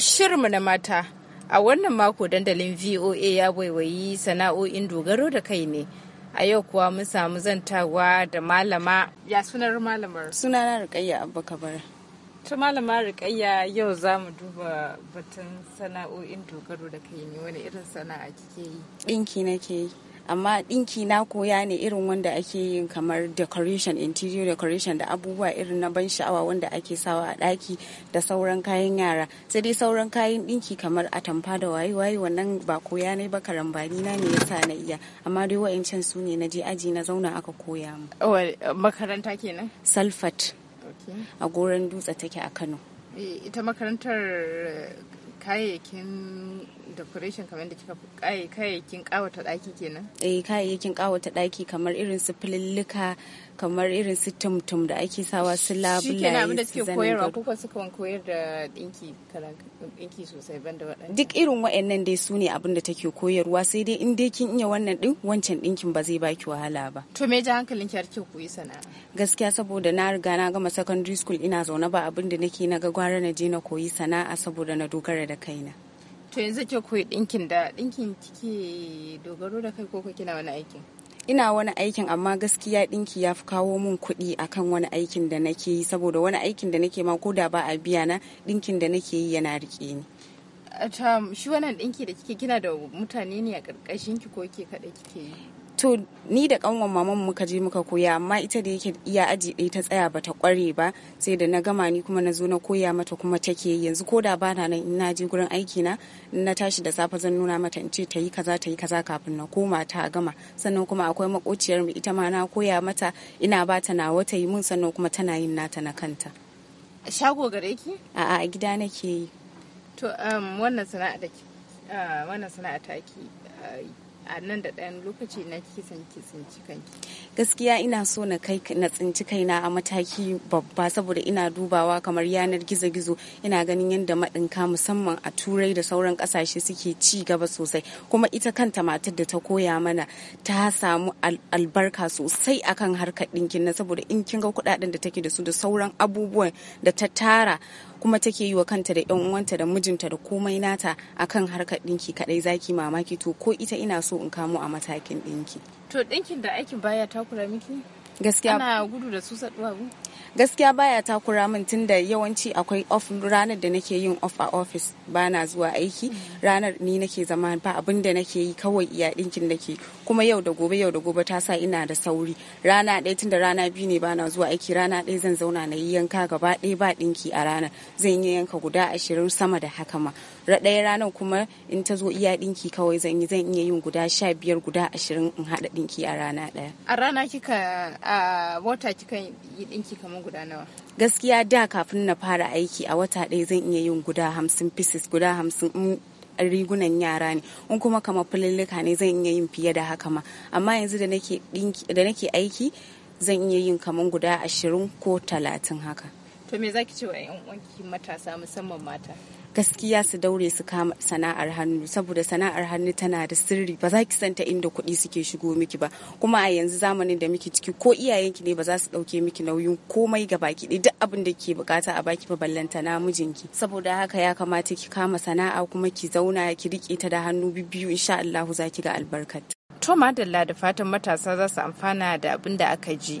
shirinmu na mata, a wannan mako dandalin VOA ya waiwayi sana'o'in dogaro da kai ne. A yau kuwa mun samu zantawa da malama. Ya sunar malamar? Sunana rikayya abu Kabara. Ta malama rikayya yau za mu duba batun sana'o'in dogaro da kai ne wani irin sana'a kike yi? Ɗinki nake yi. amma ɗinki na koya ne irin wanda ake yin kamar decoration interior decoration da abubuwa irin na ban sha'awa wanda ake sawa a ɗaki da sauran kayan yara sai dai sauran kayan ɗinki kamar atamfa da waye waye wannan ba koya ne ba karambani na ne yasa na iya amma dai wa'ancan su ne na je aji na zauna aka koya mu makaranta kenan salfat a goron dutse take a kano eh, ita makarantar kayayyakin decoration kamar da kika kayayyakin kawata daki kenan eh kayayyakin kawata daki kamar irin su filillika kamar irin su tumtum da ake sawa su labulaye shi kenan abinda suke koyarwa ko kuma suka koyar da dinki dinki sosai banda waɗannan duk irin waɗannan dai su ne abinda take koyarwa sai dai in dai kin iya wannan din wancan dinkin ba zai baki wahala ba to me ja hankalin ki har ki koyi sana'a gaskiya saboda na riga na gama secondary school ina zaune ba abinda nake na ga gwara na je na koyi sana'a saboda na dogara da kaina to yanzu ke koyi dinkin da dinkin kike dogaro da kai ko kina wani aikin ina wani aikin amma gaskiya ɗinki ya fi kawo min kuɗi akan wani aikin da nake yi saboda wani aikin da nake ma ko da ba a biya na ɗinkin da nake yi yana rike ni shi wannan dinki da kike kina da mutane ne a ƙarƙashin ki ko ke kaɗai kike yi to ni da kanwan maman muka je muka koya amma ita da yake iya aji ɗaya ta tsaya bata kware ba sai da na gama ni kuma na zo na koya mata kuma take yanzu ko da bana nan ina je gurin aiki na na tashi da safe zan nuna mata in ce ta yi kaza ta yi kaza kafin na koma ta gama sannan kuma akwai makociyar mu ita ma na koya mata ina ba ta nawa ta yi mun sannan kuma tana yin nata na kanta shago gare ki a'a a gida nake yi to um, wannan sana'a da uh, wannan sana'a ta ki uh, a nan da ɗayan lokaci na kisan kisan cikai gaskiya ina so na kai na tsinci kaina a mataki babba saboda ina dubawa kamar yanar gizo-gizo ina ganin yadda maɗinka musamman a turai da sauran ƙasashe suke ci gaba sosai kuma ita kanta matar da ta koya mana ta samu albarka sosai akan harkar ɗinkin na saboda in kin ga kuɗaɗen da take da su da sauran abubuwan da ta tara kuma take yi wa kanta da yan uwanta da mijinta da komai nata akan harkar dinki kadai zaki mamaki to ko ita ina so in kamo a matakin dinki to dinkin da aikin baya takura miki gaskiya ana gudu da su saduwa gaskiya baya takura min tunda yawanci akwai off ranar da nake yin off a office na zuwa aiki mm. ranar ni nake zama ba abin da nake yi kawai iya dinkin nake kuma yau da gobe yau da gobe ta sa ina da sauri rana ɗaya tunda rana biyu ne ba na zuwa aiki rana ɗaya zan zauna na yi yanka gaba ɗaya ba dinki a ranar zan yi yanka guda ashirin sama da haka ma ɗaya ranar kuma in ta zo iya dinki kawai zan yi zan iya yin guda sha biyar guda ashirin in haɗa dinki a rana ɗaya a rana kika a wata kika yi dinki kamar guda nawa gaskiya da kafin na fara aiki a wata ɗaya zan iya yin guda hamsin pieces guda hamsin in rigunan yara ne in kuma kamar fulillika ne zan iya yin fiye da haka ma amma yanzu da nake aiki zan iya yin kamar guda ashirin ko talatin haka to me zaki ce wa yan uwanki matasa musamman mata gaskiya su daure su kama sana'ar hannu saboda sana'ar hannu tana da sirri ba za ki santa inda kuɗi suke shigo miki ba kuma a yanzu zamanin da miki ciki ko iyayenki ne ba za su ɗauke miki nauyin komai ga baki ɗaya duk abin da ke bukata a baki ballanta na mijinki saboda haka ya kamata ki kama sana'a kuma ki zauna ki riƙe ta da hannu biyu insha Allah za ki ga albarkat. To madalla da fatan matasa za su amfana da abin da aka ji.